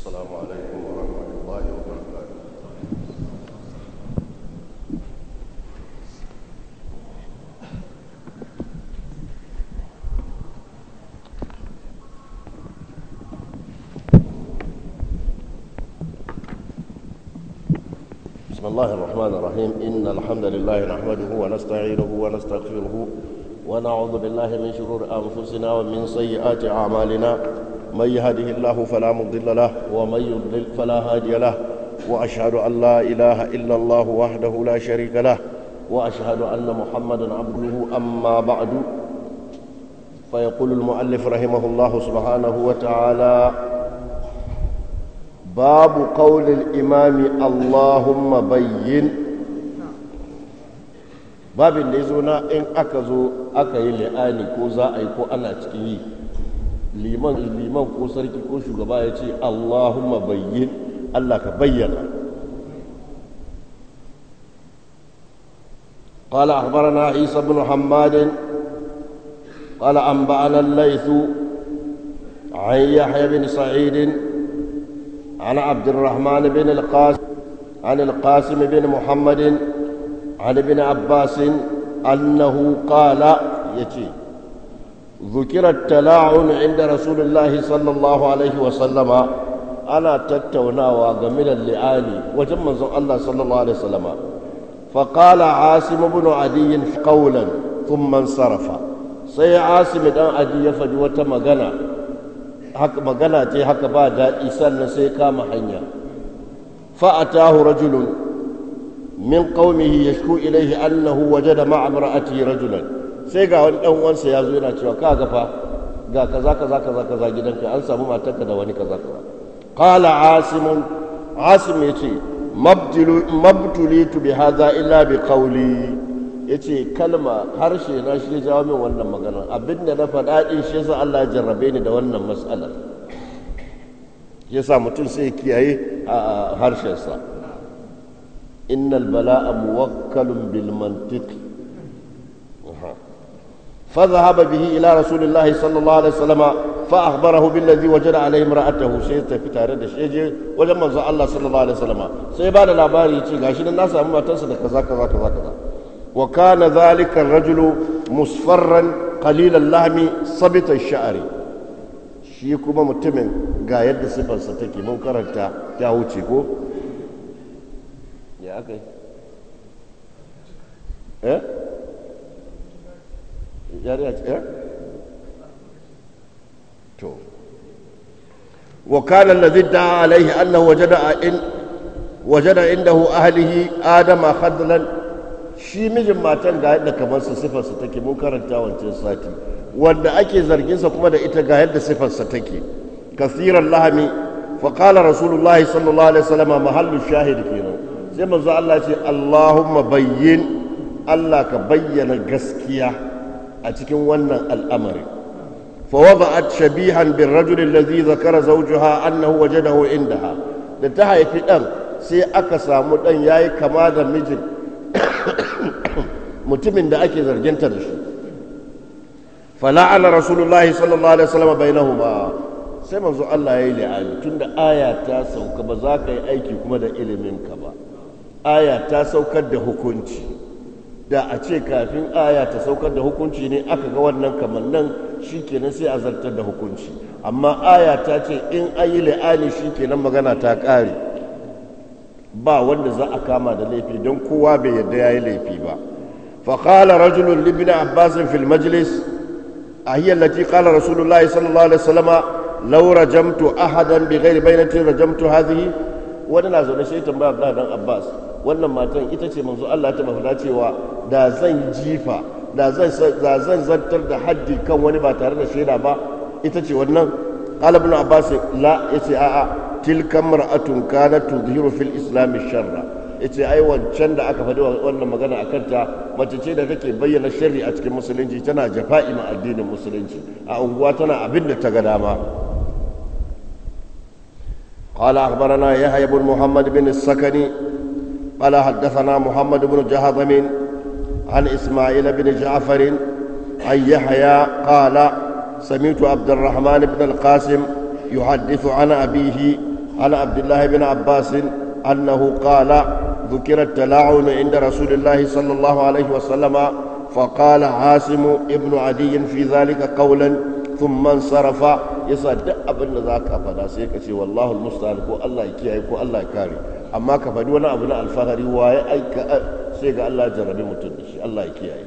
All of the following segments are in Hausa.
السلام عليكم ورحمة الله وبركاته بسم الله الرحمن الرحيم إن الحمد لله نحمده ونستعينه ونستغفره ونعوذ بالله من شرور أنفسنا ومن سيئات أعمالنا من يهده الله فلا مضل له ومن يضلل فلا هادي له واشهد ان لا اله الا الله وحده لا شريك له واشهد ان محمدا عبده اما بعد فيقول المؤلف رحمه الله سبحانه وتعالى باب قول الامام اللهم بين babin da ya zo na in aka zo aka yi la'ani ko za a yi ko ana cikin yi liman liman ko sarki ko shugaba ya ce Allahumma bayyin Allah ka bayyana قال أخبرنا عيسى بن حماد قال أنبأنا الليث عن يحيى بن سعيد عن عبد الرحمن بن القاسم عن القاسم بن محمد عن ابن عباس أنه قال يتي ذكر التلاعن عند رسول الله صلى الله عليه وسلم أنا تتونا وقمل اللعان وجمع الله صلى الله عليه وسلم فقال عاصم بن عدي قولا ثم انصرف sai asim dan adi faɗi wata magana haka magana ce haka ba daɗi sannan sai kama hanya fa'atahu rajulun min ya yashku ilayhi annahu wajada ma'a imra'atihi rajulan sai ga wani dan uwansa ya zo yana cewa kaga fa ga kaza kaza kaza kaza gidanka an samu matarka da wani kaza kaza qala asim asim yace mabdilu mabtulitu bi hadha illa bi qawli yace kalma harshe na shi ya jawo min wannan magana abinda na faɗa din shi yasa Allah ya jarrabe ni da wannan mas'alar yasa mutum sai ya kiyaye a harshensa innal bala'a muwakkalun bil mantiqi فذهب به الى رسول الله صلى الله عليه وسلم فاخبره بالذي وجد عليه امراته سيته في تاره da shi je wajen manzo Allah sallallahu alaihi wasallam sai ba da labari yace gashi nan na sami matarsa da kaza kaza kaza kaza wa kana zalika ar-rajul musfarran qalil al shi kuma mutumin ga yadda sifarsa take mun karanta wuce ko jariya ce eh? to وكان الذي ادعى عليه أنه وجد إن وجد عنده أهله آدم خذلا shi mijin matan ga yadda kamar su sifar sa take mun karanta wancan sati wanda ake zargin sa kuma da ita ga yadda sifar sa take kasiran lahami fa qala rasulullahi sallallahu alaihi wasallam mahallu shahid kenan sai manzo Allah ya ce Allahumma bayyin Allah ka bayyana gaskiya a cikin wannan al'amari fawaba'at shabihan bin rajul allazi zakara zawjuha annahu wajadahu indaha da ta haifi dan sai aka samu dan yayi kama da mijin mutumin da ake zarginta da shi fala'ana rasulullahi sallallahu alaihi wasallam bainahuma sai manzo Allah yayi li'ani tunda aya ta sauka ba za ka yi aiki kuma da ilimin ka ba aya ta saukar da hukunci da a ce kafin aya ta saukar da hukunci ne aka ga wannan kamar nan shikenan sai a zartar da hukunci amma aya ta ce in an yi la'ani shikenan magana ta ƙare ba wanda za a kama da laifi don kowa bai yarda ya yi laifi ba فقال Libina لابن عباس في المجلس أهي التي قال رسول الله صلى الله عليه وسلم لو رجمت أحدا بغير بينة رجمت هذه وانا zaune shi tambaya Abdullahi dan Abbas wannan matan ita ce manzo Allah ta mafada cewa da zan jifa da zan zartar da haddi kan wani ba tare da shaida ba ita ce wannan qala ibn abbas la yace a'a tilka mar'atun kana tudhiru fil islam sharra yace ai wancan da aka faɗi wannan magana a kanta mace ce da take bayyana sharri a cikin musulunci tana jafa'i ma addinin musulunci a unguwa tana abin da ta ga dama قال أخبرنا يحيى بن محمد بن السكني قال حدثنا محمد بن جهضم عن إسماعيل بن جعفر عن يحيى قال سمعت عبد الرحمن بن القاسم يحدث عن أبيه عن عبد الله بن عباس أنه قال ذكر التلاعن عند رسول الله صلى الله عليه وسلم فقال عاصم ابن عدي في ذلك قولا ثم انصرف يسا duk abin da za ka faɗa sai ka ce wallahu almusta'an ko Allah ya kiyaye ko Allah ya kare amma ka faɗi wani abu na alfahari waye sai ga Allah jarabi mutum da shi Allah ya kiyaye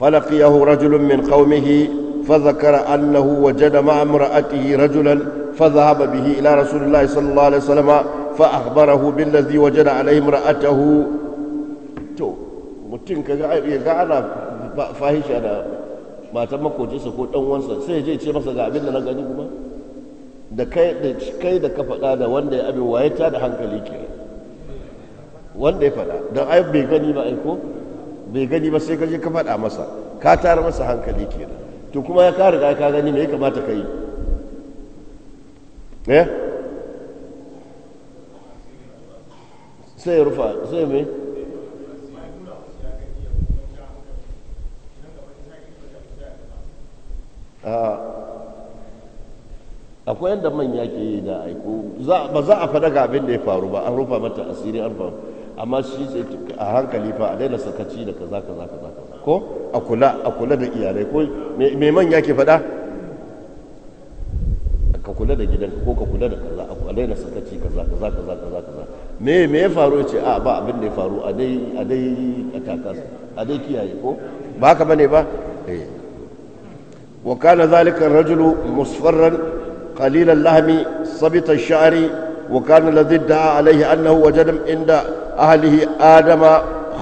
falaqiyahu rajulun min qaumihi fa zakara annahu wajada ma imra'atihi rajulan فذهب به إلى رسول الله صلى الله عليه وسلم فأخبره بالذي وجد عليه امرأته تو متين كغا أنا فاهش أنا ما تمكو جيسا كو تنوانسا سيجي تشي مسا غا أبين لنا غني كما da kai da kai da ka faɗa da wanda ya abin waye ta da hankali kenan wanda ya faɗa don ai bai gani ba aiko bai gani ba sai kaje ka faɗa masa ka tara masa hankali kenan to kuma ya ka riga ka gani me ya kamata ka yi eh sai rufa sai me akwai yadda manya ke yi da aiko ba za a faɗa ga abin da ya faru ba an rufa mata asiri an faru amma shi ce a hankali fa a daina sakaci da kaza kaza kaza ko a kula a kula da iyalai ko me manya ke faɗa ka kula da gidan ko ka kula da kaza a daina sakaci kaza kaza kaza kaza kaza me me ya faru ce a ba abin da ya faru a dai a dai a a dai kiyaye ko ba haka bane ba eh wa kana zalika rajulu musfarran qalil lahmi sabita ash-sha'ri wa kana alladhi da'a alayhi annahu wajada inda أهله آدم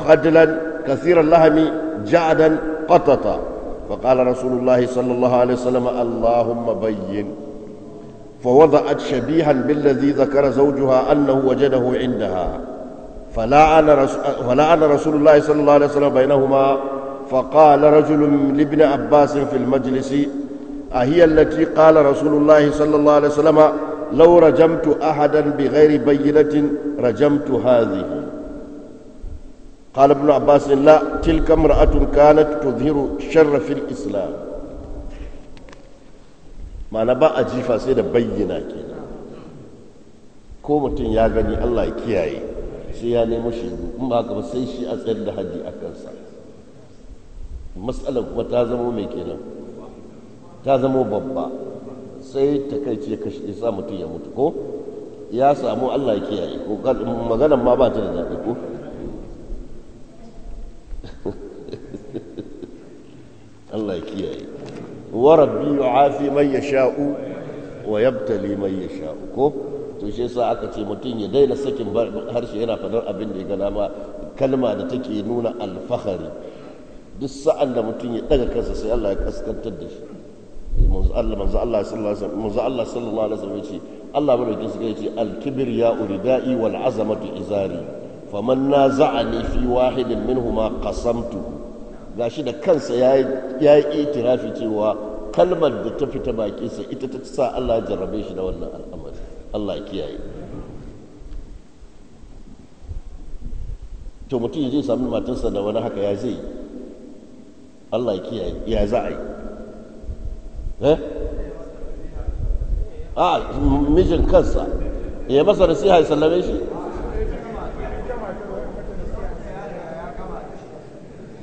خجلا كثير اللهم جعدا قططا فقال رسول الله صلى الله عليه وسلم اللهم بين فوضعت شبيها بالذي ذكر زوجها أنه وجده عندها فلعن رسول, رسول الله صلى الله عليه وسلم بينهما فقال رجل لابن عباس في المجلس أهي التي قال رسول الله صلى الله عليه وسلم لو رجمت أحدا بغير بينة رجمت هذه قال ابن عباس لا تلك امرأة كانت تظهر شر في الإسلام ما نبا أجيفا سيدا بينا كينا ko mutum ya gani Allah سياني kiyaye sai ya nemo shi in ba ka sai shi a tsayar da a kansa matsalar kuma ta zamo mai kenan ta zamo babba sai ta kai ce sa mutum ya mutu ko ya samu Allah ya kiyaye ko ma ba ta da daɗi ko Allah ya kiyaye wa afi yu'afi man wa yabtali man yasha'u ko to shi yasa aka ce mutum ya daina sakin harshe yana fadar abin da ya ga dama kalma da take nuna alfahari duk sa'an da mutum ya daga kansa sai Allah ya kaskantar da shi manzo Allah manzo Allah sallallahu alaihi wasallam ce Allah madaukin su ce al ya uridai wal azamatu izari faman naza'ani fi wahidin ma qasamtuhu shi da kansa ya yi itirafi cewa kalmar da ta fita bakinsa ita ta sa Allah ya jarrabe shi da wannan al'amari Allah ya kiyaye to mutum zai sami matarsa da wani haka ya zai Allah ya kiyaye ya za a yi eh? a mijin kansa ya masa nasiha ya sallame shi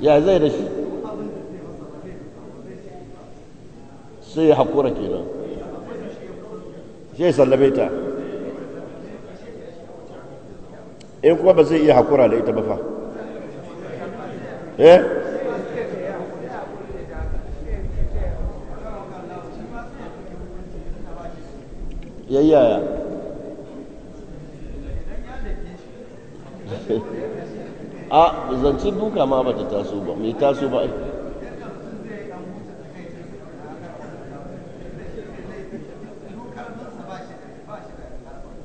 ya zai da shi sai ya haƙura kenan sai sallame ta in eh, kuma ba zai iya haƙura da ita ba fa eh yayyaya a ah, zancen duka ma ba ta taso ba mai taso ba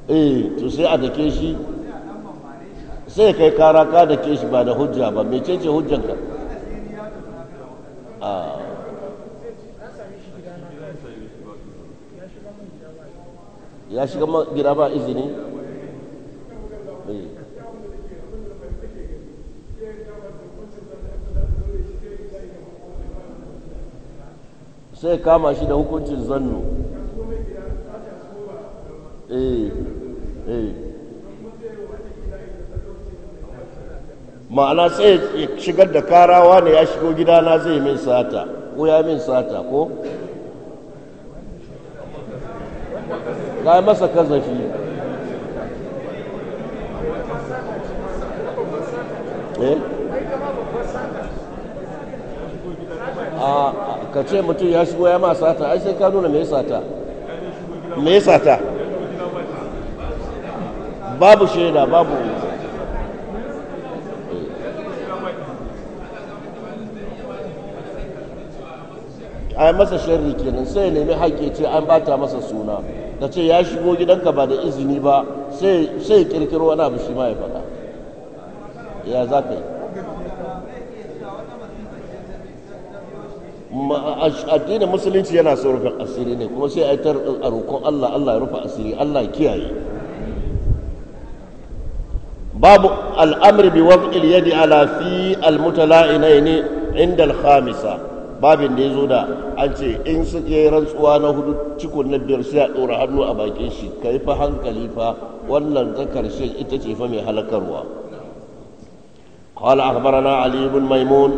eh to sai a dake shi sai kai kara ka dake shi ba da hujja ba ce hujjanka a ah. ya shiga gida ba izini eh. sai kama shi da hukuncin zannu Eh, eh. ma'ana sai ya shigar da karawa ne ya shigo gidana zai min sata ko ya min sata ko ga masa kazafi eh a ka ce mutum ya shigo ya ma sata ai sai ka nuna me sata me sata babu shaida babu a masa sharri kenan sai ya nemi haƙƙi ce an bata masa suna da ce ya shigo gidanka ba da izini ba sai ya kirkiro wani abu shi ma ya faɗa ya za ka yi addinin musulunci yana son rufin asiri ne kuma sai a yi ta roƙon allah allah ya rufe asiri allah ya kiyaye باب الأمر بوضع اليد على في المتلائنين عند الخامسة babin da ya zo da an ce in su yi rantsuwa na hudu cikon na biyar sai a ɗora hannu a bakin shi ka yi fa hankali fa wannan ta karshen ita ce fa mai halakarwa قال أخبرنا علي بن ميمون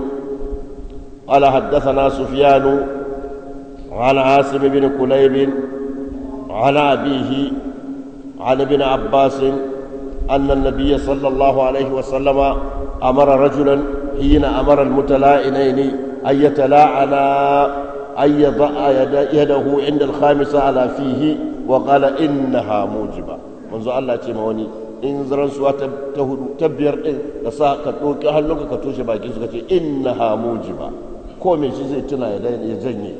قال حدثنا سفيان عن عاصم بن كليب عن أبيه عن ابن عباس أن النبي صلى الله عليه وسلم أمر رجلا حين أمر المتلائنين أن يتلاعنا أن يضع يده عند الخامسة على فيه وقال إنها موجبة منذ الله تيموني in zaran suwa ta hudu ta biyar din da sa ka ɗauki hannunka ka toshe bakin suka ce inna ha mujiba ko shi zai tuna ya daina ya janye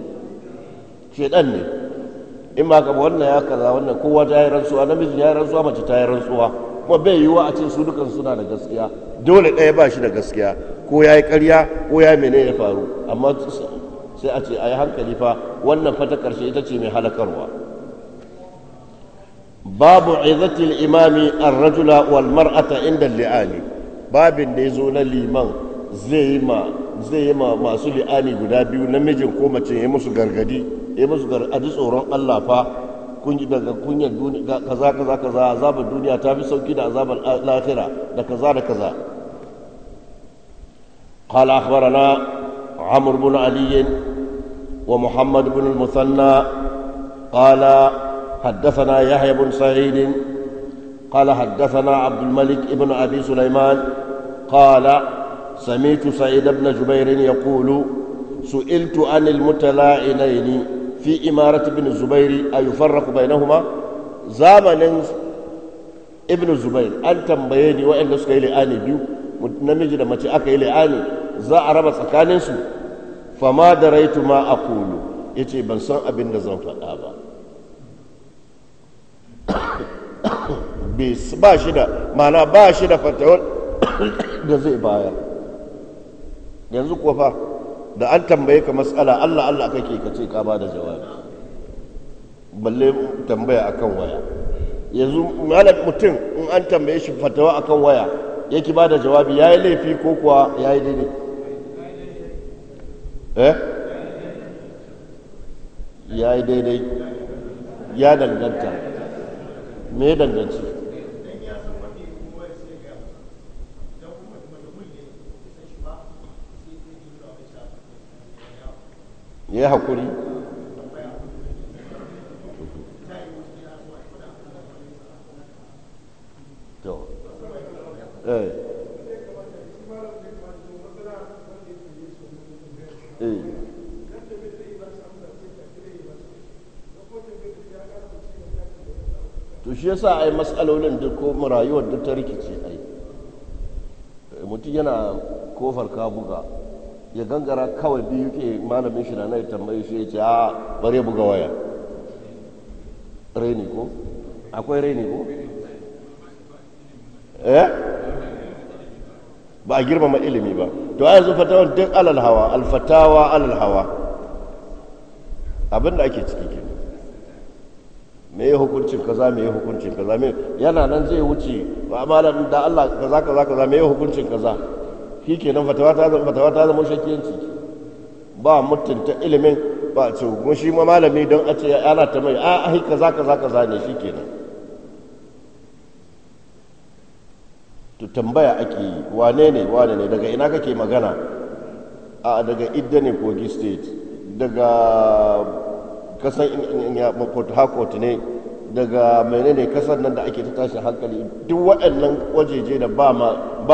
ne in ma ka wannan ya kaza wannan kowa ta yi rantsuwa namiji yi rantsuwa mace ta yi rantsuwa kuma bai yiwuwa a ce su suna da gaskiya dole ɗaya ba shi da gaskiya ko ya yi ƙarya ko ya yi mene ya faru amma sai a ce a yi hankali fa wannan fata ƙarshe ita ce mai halakarwa babu izzatil imami an rajula wal mar'ata inda li'ani babin da ya zo na liman zai yi ma masu li'ani guda biyu namijin ko mace ya musu gargadi ya musu gargadi tsoron Allah fa kun daga kunyar duniya kaza kaza kaza azabar duniya ta fi sauki da azabar lahira da kaza da kaza قال أخبرنا عمرو بن علي ومحمد بن المثنى قال حدثنا يحيى بن سعيد قال حدثنا عبد الملك بن أبي سليمان قال سمعت سعيد بن جبير يقول سئلت عن المتلاعنين fi imarati ibn zubairi a yi na huma zamanin ibn zubair an tambaye ni waɗanda suka yi la'ani biyu namiji da mace aka yi la'ani za a raba tsakaninsu fama da raitu ma a kulu ya ce ban san abin da zan faɗa ba ba shi da mana ba shi da fatawar da zai bayar yanzu kuwa fa da an tambaye ka matsala Allah Allah kake ka ce ka da jawabi balle tambaya akan waya yanzu malam mutum in an tambaye shi fatawa akan waya yake bada jawabi ya yi laifi ko kuwa yi daidai eh yi daidai ya danganta me danganci ya yi haƙuri to eh. Eh. shi yasa ai matsalolin da ko rayuwar da ta rikice ai mutum yana kofar ka buga ya gangara kawai biyu ke malamin shi na ya tambaye shi ya ce a ah, bare buga waya raini ko akwai raini ko eh ba a girmama ilimi ba to a yanzu fatawa duk alal hawa alfatawa alal hawa abin da ake ciki ke me ya hukuncin kaza me ya hukuncin kaza me yana nan zai wuce ba malam da Allah kaza kaza kaza me ya hukuncin kaza shi kenan fatawa ta zama fatawa ta zama shakiyanci ba mutunta ilimin ba a kuma shi ma malami don a ce ana ta mai a za ka za ka zane shi kenan to tambaya ake yi wane ne wane ne daga ina kake magana a daga idda ne kogi state daga kasan port harcourt ne daga menene kasar nan da ake ta tashi hankali duk waɗannan wajeje da ba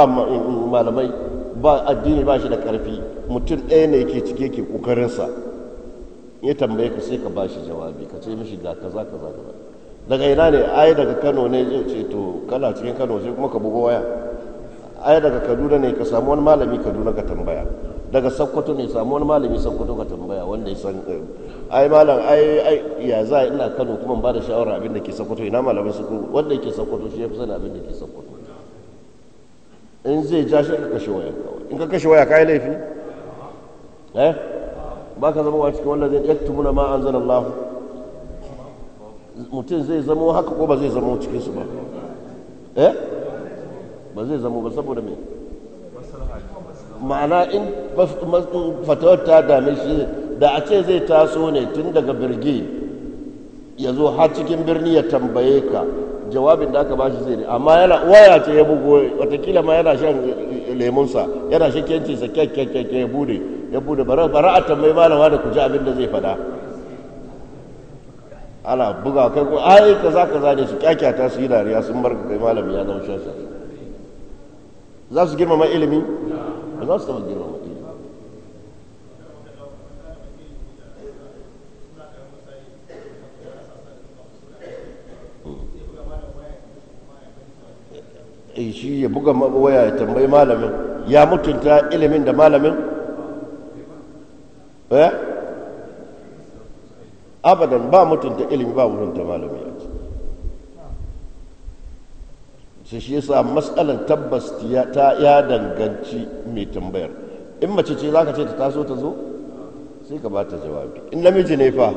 malamai ba addini ba shi da karfi mutum ɗaya ne yake cike yake kokarinsa ya tambaye ka sai ka ba shi jawabi ka ce mishi ga kaza kaza kaza daga ina ne ai daga kano ne zai ce to kana cikin kano sai kuma ka bugo waya ai daga kaduna ne ka samu wani malami kaduna ka tambaya daga sakkwato ne samu wani malami sakkwato ka tambaya wanda ya san eh, ai malam ai ai ya za ina kano kuma ba da shawara abin da ke sakkwato ina malamin su wanda ke sakkwato shi ya fi sani abin da ke sakkwato in zai ja shi ka kashe wayanka in ka kashe waya kai laifi eh ba ka zama wa cikin wanda zai yaktumuna ma an Allah mutum zai zama haka ko ba zai zama cikin su ba eh ba zai zama ba saboda me ma'ana in fatawar ta dame shi da a ce zai taso ne tun daga birgi ya zo har cikin birni ya tambaye ka jawabin da aka bashi zai amma yana waya ce ya bugo watakila ma yana shan lemunsa yana kyanci sa kyakkyakke ya bude ya bude bara a tambayi malawa da kuje abin da zai faɗa ana buga kai ko ai kaza kaza ne su kyakyata su yi dariya sun bar kai malami ya zama shansa za su girmama ilimi ba za su taɓa girma Eh, shi ya buga waya ya tambayi malamin ya mutunta ilimin da malamin eh abadan ba mutunta ilimi ba mutunta malami sai shi yasa matsalar tabbas ta ya danganci mai tambayar in mace ce za ka ce ta taso ta zo sai ka ba ta jawabi in namiji ne fa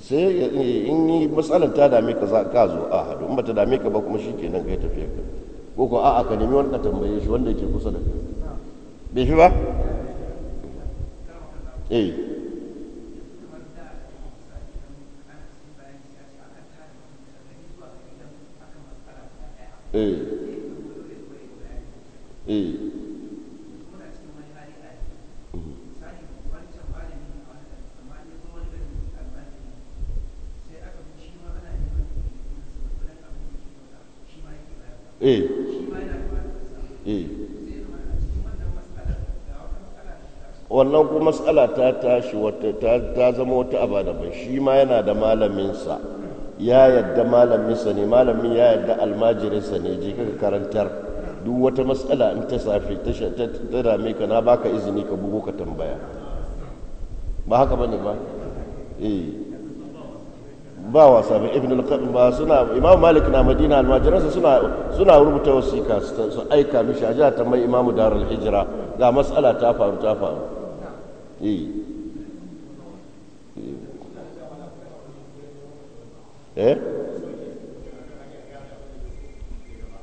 sai in yi matsalar ta dame ka ka zo a hadu in bata dame ka ba kuma shi kenan kai tafiya ka ko ko a'a ka nemi wani tambaye shi wanda yake kusa da kai bai fi ba eh wannan ko matsala ta tashi ta zama wata aba daban shi ma yana da malaminsa ya yadda malaminsa ne malamin ya yadda almajirinsa ne je ka karantar duk wata matsala in ta safi ta dame ka na baka izini ka bugo ka tambaya ba haka bane ba eh ba wasa ba ibn al-qadim ba suna imam malik na madina almajiransa suna suna rubuta wasiƙa su aika mishi a jiha ta mai imamu darul hijira ga matsala ta faru ta faru Eh?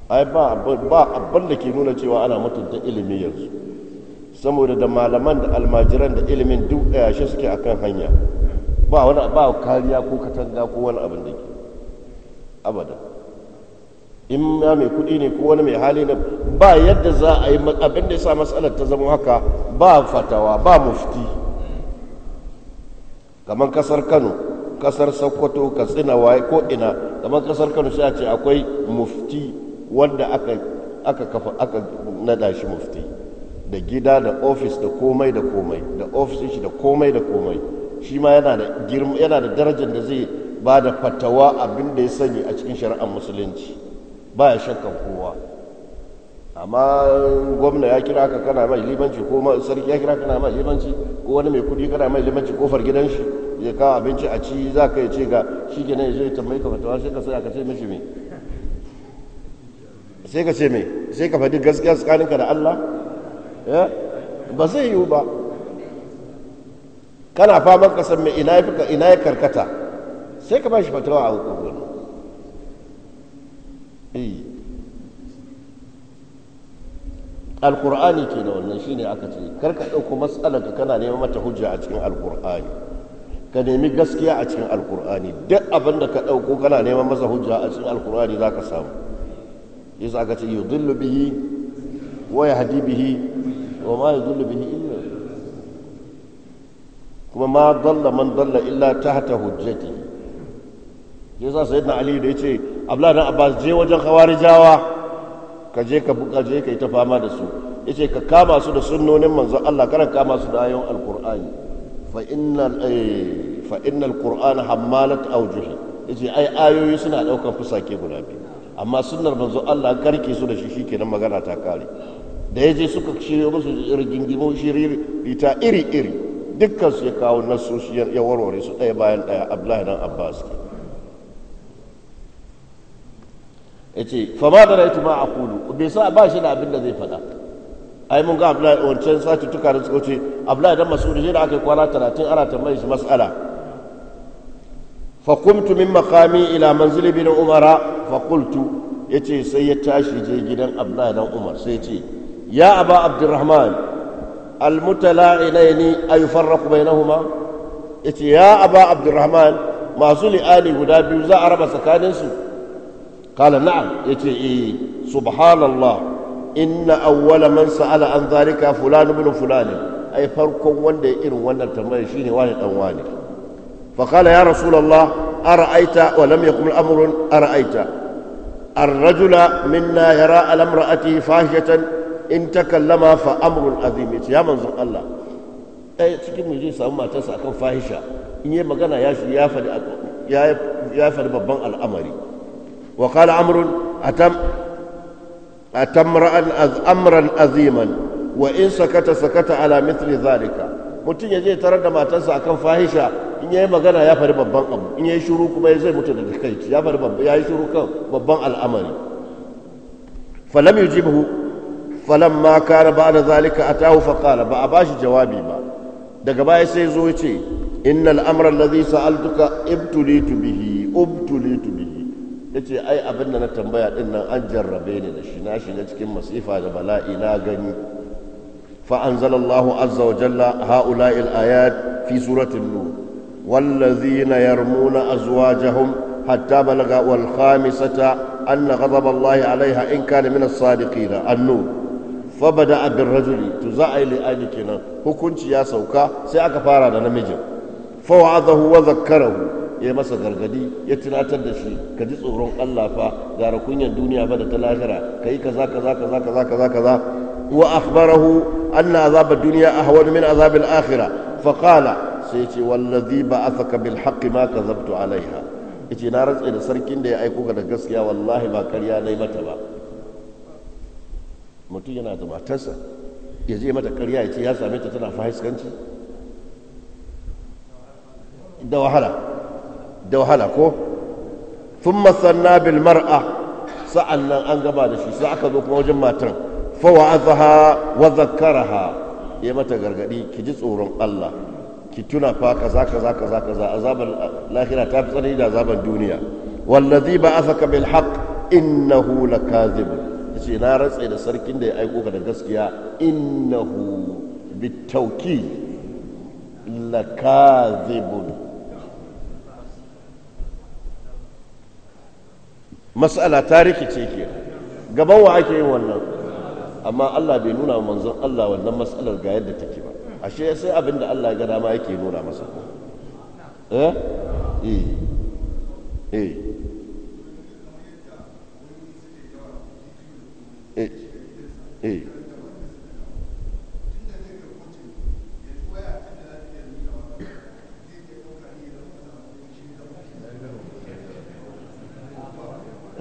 ai ba abin da ke nuna cewa ana mutunta ilimi yanzu saboda da malaman da almajiran da ilimin duk yashe suke akan hanya ba wani ba kariya ko katanga ko wani abin da ke abada in ma mai kuɗi ne ko wani mai hali ne ba yadda za a yi abin da ya sa matsalar ta zama haka ba fatawa ba mufti kamar kasar kano kasar sokoto katsina waye ko ina kamar kasar kano sai a ce akwai mufti wanda aka aka kafa aka nada shi mufti da gida da ofis da komai da komai da ofis shi da komai da komai shi ma yana da girma yana da darajar da zai ba da fatawa abin da ya sani a cikin shari'ar musulunci ba ya shakkan kowa amma gwamna ya kira ka kana mai limanci ko sarki ya kira kana mai limanci ko wani mai kudi kana mai limanci kofar gidan shi ya kawo abinci a ci za ka yi ce ga shi ke ya zai ya tambayi ka fatawa sai ka sai ka ce mishi me sai ka ce me sai ka faɗi gaskiya tsakaninka da Allah eh? ba zai yiwu ba kana faman ka san me ina ya karkata sai ka ba shi fatawa a hukun Eh. alkur'ani ke da wannan shine aka ce karka ɗauko matsalar ka kana neman mata hujja a cikin alkur'ani ka nemi gaskiya a cikin alkur'ani duk abin da ka ɗauko kana neman masa hujja a cikin alkur'ani za ka samu yasa aka ce zullu bihi wa hadi bihi wa ma zullu bihi illa kuma ma dalla man dalla illa ta hata hujjati yasa sayyidina ali da ce. abdullahi dan abbas je wajen khawarijawa ka je ka buka je ka yi ta fama da su yace ka kama su da sunnonin manzon Allah kana kama su da ayoyin alqur'ani fa innal eh, fa innal qur'ana hammalat yace ai ayoyi suna daukan fusake guda biyu amma sunnar manzon Allah karke su da shi shikenan magana ta kare da yaje suka shiryo musu rigingimo shiriri ita iri iri dukkan su ya kawo nasoshi ya warware su ɗaya bayan ɗaya abdullahi dan abbas ya ce fa ma raitu ma a kulu bai sa ba shi da abin da zai faɗa ai mun ga Abdullahi wancan sati tuka da suka ce Abdullahi dan Mas'ud shi da aka kwana 30 ana tambaye shi mas'ala fa qumtu min maqami ila manzili bin umara fa qultu yace sai ya tashi je gidan Abdullahi dan Umar sai yace ya aba Abdurrahman almutala'inaini ayufarraqu bainahuma yace ya aba Abdurrahman masu li'ani guda biyu za a raba tsakaninsu قال نعم يتي إيه سبحان الله إن أول من سأل عن ذلك فلان بن فلان أي فرق وند إن وند تمشيني واحد أواني فقال يا رسول الله أرأيت ولم يكن الأمر أرأيت الرجل منا يرى على امرأته فاحشة إن تكلم فأمر عظيم يا منظر الله أي تكلم يجي سامع تسعة كم فاحشة إن يبقى أنا يا يا يا فد ببان الأمري وقال عمرو أتم أتم أمرا عظيما وإن سكت سكت على مثل ذلك mutum ya je tarar da matarsa akan fahisha in yayi magana ya fari babban abu in yayi shiru kuma zai mutu da takaici ya fari babban yayi shiru kan babban al'amari falam yujibuhu falam ma kana ba'da zalika atahu fa qala ba a bashi jawabi ba daga baya sai zo ya ce innal amra alladhi sa'altuka ibtulitu bihi ubtulitu bihi yace ai abin da na tambaya din an jarrabe ni da shina-shina cikin masifa da bala'i na gani fa anzalallahu azza wa jalla haula'i al-ayat fi surati an-nur wallazina yarmuna azwajahum hatta balaga wal khamisata anna ghadab Allah 'alayha in kana min da sadiqin an-nur fabada bin rajuli to za a yi li'ani kenan hukunci ya sauka sai aka fara da namijin fawa'adahu wa zakkarahu ya masa gargadi ya tunatar da shi ka ji tsoron Allah fa gara kunyan duniya ba da ta lahira yi kaza kaza kaza kaza kaza kaza wa akhbarahu anna azab ad-dunya ahwan min azab al-akhirah fa qala sai ce wallazi ba'athaka bil haqqi ma kadhabtu alaiha yace na rantsa da sarkin da ya aiko ka da gaskiya wallahi ba karya nayi mata ba mutum yana da matarsa ya je mata karya ya ce ya same ta tana fahiskanci da wahala da wahala ko thumma sanna bil mar'a nan an gaba da shi sai aka zo kuma wajen matar fa wa'azaha wa zakkaraha ya mata gargadi ki ji tsoron Allah ki tuna fa kaza kaza kaza kaza azaban lahira ta fi tsanani da azaban duniya wallazi saka bil haqq innahu lakazib yace na ratse da sarkin da ya aiko ka da gaskiya innahu bitawki lakazibun mas'ala ta rikice ke gaban wa ake yin wannan amma Allah bai nuna manzon Allah wannan mas'alar ga yadda take ba ashe sai abinda Allah gada ga dama yake nuna masa eh eh eh eh, eh.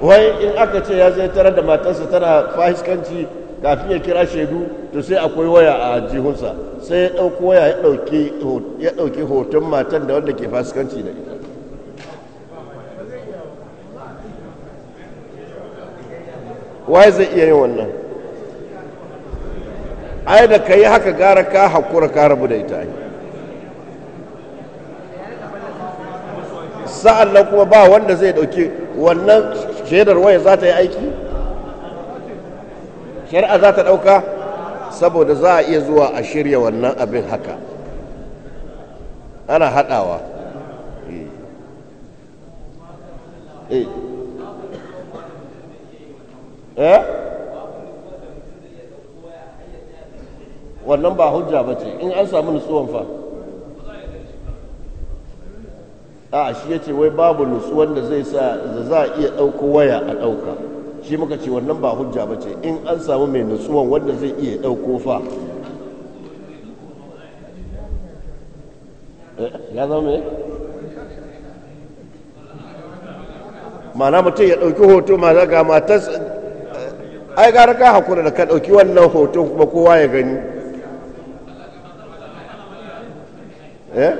wai in aka ce ya zai tarar da matarsa tana fahiskanci kafin ya kira shaidu to sai akwai waya a jihunsa sai ya ɗauki waya ya ɗauki hoton matan da wanda ke fahiskanci da ita wai zai iya yin wannan ai da ka yi haka gara ka haƙura ka rabu da ita sa'an nan kuma ba wanda zai ɗauki wannan shaidar waya za ta yi aiki shari'a za ta ɗauka saboda za a iya zuwa a shirya wannan abin haka ana haɗawa eh, eh. eh? wannan ba hujja ba ce in an samu nutsuwan fa a shi ya ce wai babu nutsuwan da zai sa da za a iya ɗauko waya a ɗauka shi muka ce wannan ba hujja ba ce in an samu mai nutsuwan wanda zai iya ɗauko fa eh, ya zama mai mana mutum ya ɗauki hoto ma za ga matas eh, ai gara ka hakura da ka ɗauki wannan hoton kuma kowa ya gani ايه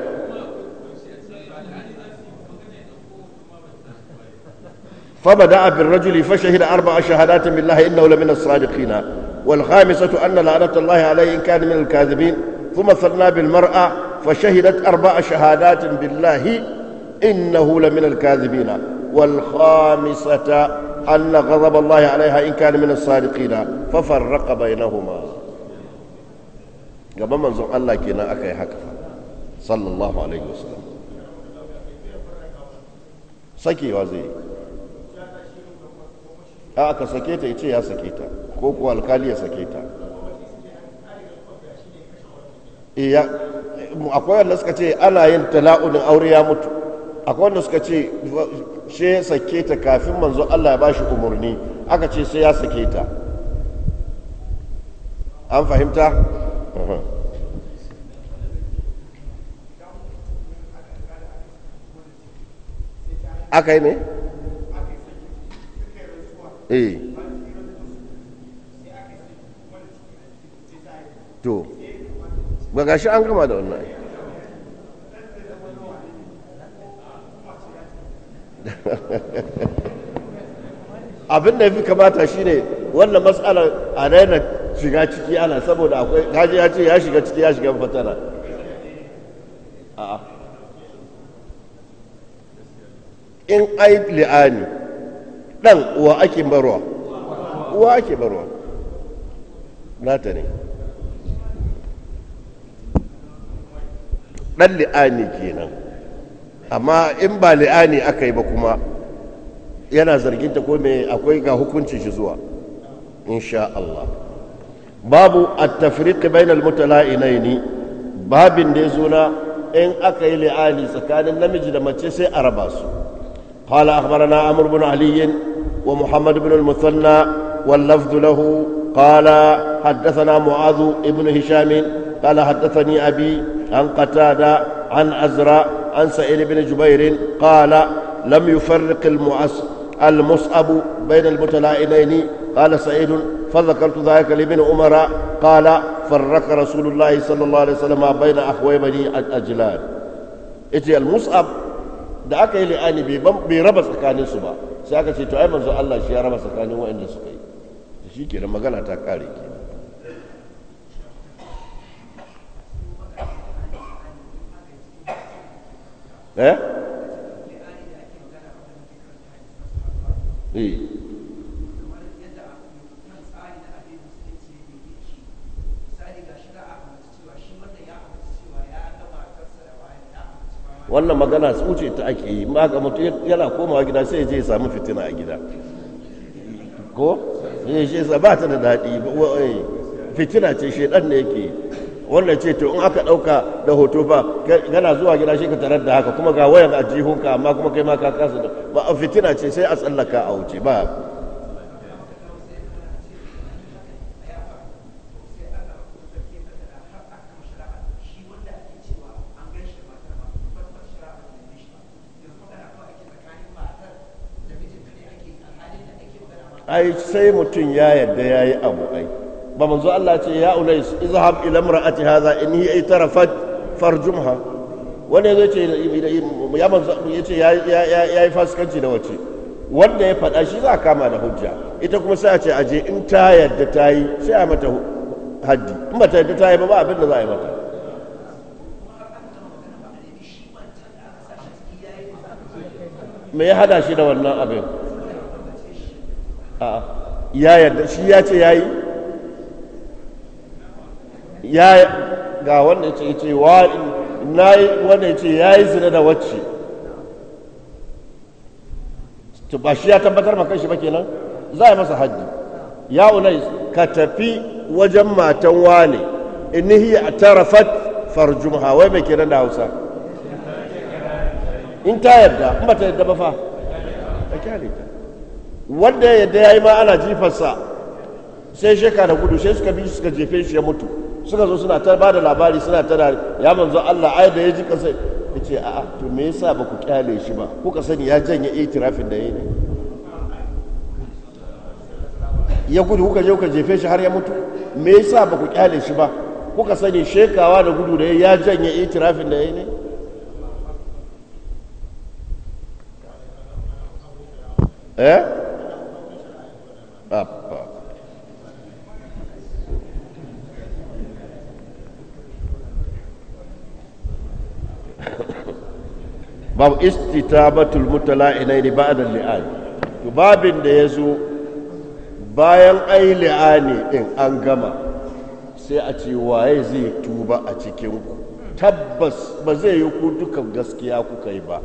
فبدأ بالرجل فشهد أربع شهادات بالله إنه لمن الصادقين والخامسة أن لعنة الله عليه إن كان من الكاذبين ثم ثنى بالمرأة فشهدت أربع شهادات بالله إنه لمن الكاذبين والخامسة أن غضب الله عليها إن كان من الصادقين ففرق بينهما قبل منظر الله كنا أكي هكذا sallallahu alaihi wasallam sakewa zai a aka sake ta ita ya sake ta ko kuwa alkali ya sake ta eh, akwai wanda suka ce ana yin tala'unin aure ya mutu akwai wanda suka ce she sake ta kafin manzo Allah ya ba shi umarni aka ce sai ya sake ta an fahimta? Uh-huh. aka yi me? eh to ba shi an gama da wannan abin da ya fi kamata shi ne wannan matsalar a raina shiga ciki ana saboda akwai kaji ya ce ya shiga ciki ya shiga fatara a'a in ai li'ani dan uwa ake barwa uwa ake barwa nata ne dan li'ani kenan amma in ba li'ani aka yi ba kuma yana zarginta ko me akwai ga hukuncin shi zuwa insha Allah babu at-tafriq bainal mutala'inaini babin da ya zo na in aka yi li'ani tsakanin namiji da mace sai a raba su قال أخبرنا أمر بن علي ومحمد بن المثنى واللفظ له قال حدثنا معاذ بن هشام قال حدثني أبي عن قتادة عن أزرى عن سائل بن جبير قال لم يفرق المعس المصعب بين المتلائمين قال سعيد فذكرت ذلك لابن عمر قال فرق رسول الله صلى الله عليه وسلم بين أخوي بني الأجلان اجي المصعب da aka yi li'ani bai raba tsakanin su ba sai aka ce to ai manzo Allah shi ya raba tsakanin waɗanda suka yi shi ke magana ta kare ke eh, eh. wannan magana tsuce ta ake yi ga mutum yana komawa gida sai ya je ya samu fitina a gida ko ya eh, shi sa ba ta da daɗi eh, fitina ce shedan ne yake wannan ce to in aka ɗauka da hoto ba gana zuwa gida shi ka tarar da haka kuma ga wayan a jihunka amma kuma kai ma ka kasa da ba fitina ce sai a tsallaka a wuce ba ai sai mutum ya yadda ya yi abu ai ba manzo Allah ce ya ulais izhab ila imra'ati hadha in hi tarafat farjumha wanda zai ce ya manzo ce ya ya yi fasikanci da wace wanda ya faɗa shi za kama da hujja ita kuma sai a ce aje in ta yadda ta yi sai a mata haddi in ba ta yadda ta yi ba ba abin da za a yi mata me ya hada shi da wannan abin a ya yarda shi ya ce ya yi ya ga wanda ya ce ya ce wa na wanda ya ce yayi zina da wacce to ba shi ya tabbatar ma kanshi ba kenan za a yi masa hajji ya unai ka tafi wajen matan wane in ni hiya tarafat farjumha wai mai kenan da Hausa in ta yarda in ba ta yarda ba fa a kyale ta wanda ya yadda ya yi ma ana jifarsa sai sheka da gudu sai suka bi suka jefe shi ya mutu suka zo suna ta bada labari suna ta da ya manzo Allah ai da ya ji kasa ce a'a to me yasa ba ku kyale shi ba kuka sani ya janye itirafin da yayi ya gudu kuka je kuka jefe shi har ya mutu me yasa ba ku kyale shi ba kuka sani shekawa da gudu da ya janye itirafin da yayi ne eh up, up. babu istitabatul mutala ba'da li'ani to babin da zo bayan ai li'ani din an gama sai a ce waye zai tuba a cikin ku tabbas ba zai yi ku gaskiya kuka yi ba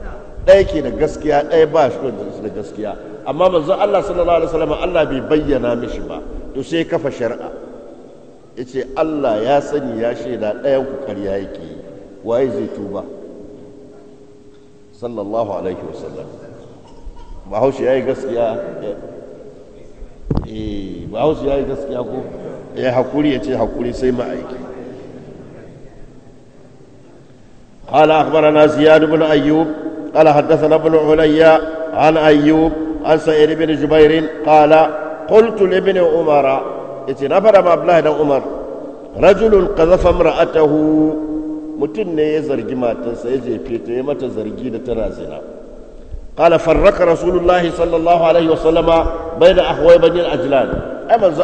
ɗaya ke da gaskiya ɗaya ba shi da gaskiya amma manzo Allah sallallahu alaihi wasallam Allah bai bayyana mishi ba to sai kafa shari'a yace Allah ya sani ya shaida ɗayan ku ƙarya yake waye zai tuba sallallahu alaihi wasallam bahaushe yayi gaskiya eh bahaushe yayi gaskiya ko ya hakuri yace hakuri sai mu ma'aiki قال أخبرنا زياد بن أيوب قال حدثنا ابن عليا عن أيوب An سعيد بن جبير قال قلت لابن عمر اتنفر مع الله بن mutum ne ya zargi matarsa ya jefe ta yi mata zargi da tana zina qala farraka rasulullahi sallallahu alaihi wasallama baina ahwai bani ajlan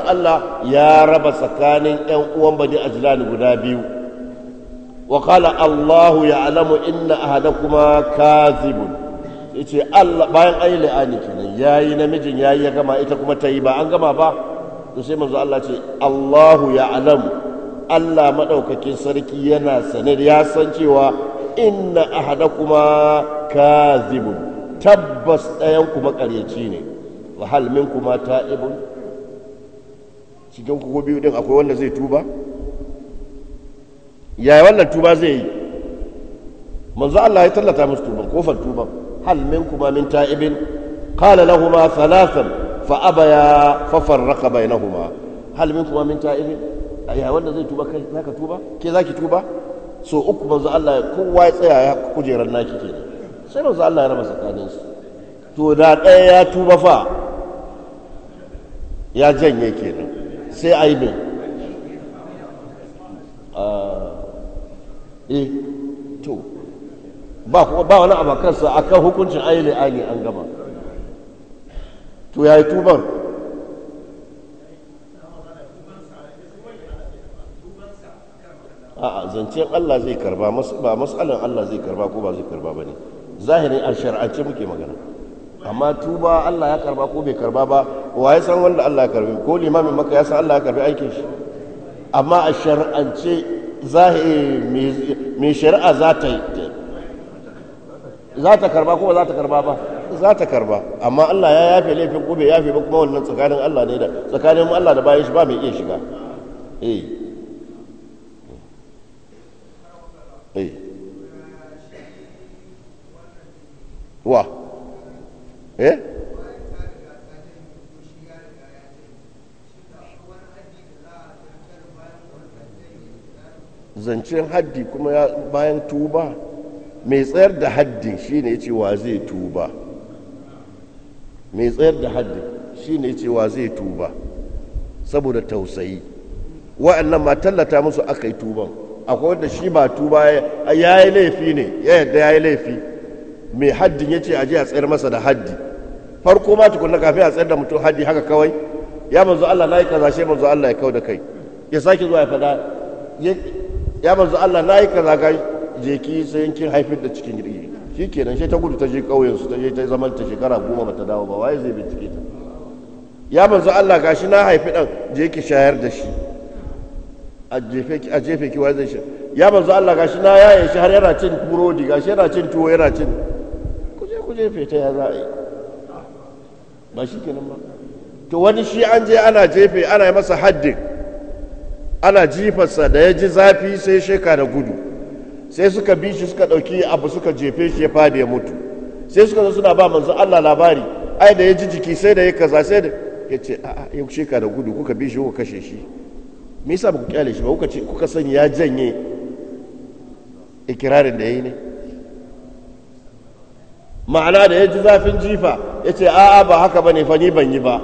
Allah ya raba tsakanin yan uwan bani ajlan guda biyu wa qala Allahu ya'lamu inna ahadakuma kadhibun ce Allah bayan ayi la'ani kenan yayi namijin yayi ya gama ita kuma ta yi ba an gama ba to sai manzo Allah ce Allahu ya alam Allah madaukakin sarki yana sanar ya san cewa inna ahadakuma kazibun tabbas ɗayan kuma ƙaryaci ne wa hal minkuma ta'ibun cikin ku biyu din akwai wanda zai tuba yaya wannan tuba zai yi manzo Allah ya tallata musu tuban kofar tuban هل منكما من تائب قال لهما ثلاثا فأبيا ففرق بينهما هل منكما من تائب يا wanda zai tuba kai zaka tuba ke zaki tuba so uku manzo Allah kowa ya tsaya ya kujerar naki ke sai manzo Allah ya raba tsakanin su to da ɗaya ya tuba fa ya janye kenan sai ai bin ah, eh ba kuma ba wani abu kansa akan hukuncin ayi la'ani an gama to ya yi tuban a'a zancen Allah zai karba ba mas'alan Allah zai karba ko ba zai karba ba bane zahirin a shar'ance muke magana amma tuba Allah ya karba ko bai karba ba wa ya san wanda Allah ya karbi ko limamin maka ya san Allah ya karbi aikin shi amma a shar'ance zahiri mai shari'a za ta yi za ta karba ko ba za ta karba ba za ta karba amma Allah ya yafe laifin ko bai yafe ba kuma wannan tsakanin Allah ne da tsakanin Allah da bayan shi ba mai iya shiga eh eh wa eh zancen haddi kuma bayan tuba mai tsayar da haddin shine ya ce wa zai tuba mai tsayar da haddin shine ce wa zai tuba saboda tausayi wa'annan ma tallata musu aka yi tuban akwai wanda shi ba tuba ya yi laifi ne ya yadda ya yi laifi mai haddin ya ce aje a tsayar masa da haddi farko ma tukunna kafin a tsayar da mutum haddi haka kawai ya manzo Allah na yi kaza shi manzo Allah ya kau da kai ya sake zuwa ya fada ya manzo Allah na yi kaza kai je ki sai yankin haifin da cikin girgi shi kenan sai ta gudu ta je ƙauyensu ta je ta zama ta shekara goma bata dawo ba waye zai bincike ta ya manzo Allah gashi na haifi dan je ki shayar da shi a jefe ki a jefe ki waye zai shi ya manzo Allah gashi na yaye shi har yana cin burodi gashi yana cin tuwo yana cin ku je ku jefe ta ya za a yi ba shi kenan ba to wani shi an je ana jefe ana masa haddin ana jifarsa da ya ji zafi sai sheka da gudu sai suka bi shi suka ɗauki abu suka jefe shi ya fadi ya mutu sai suka zo suna ba manzo Allah labari ai da ya ji jiki sai da ya kaza sai da ya ce a'a yau shi ka da gudu kuka bi shi kuka kashe shi me yasa ku kyale shi ba kuka ce kuka ya janye ikirarin da yayi ne ma'ana da ya ji zafin jifa ya ce a'a ba haka bane fa ni ban yi ba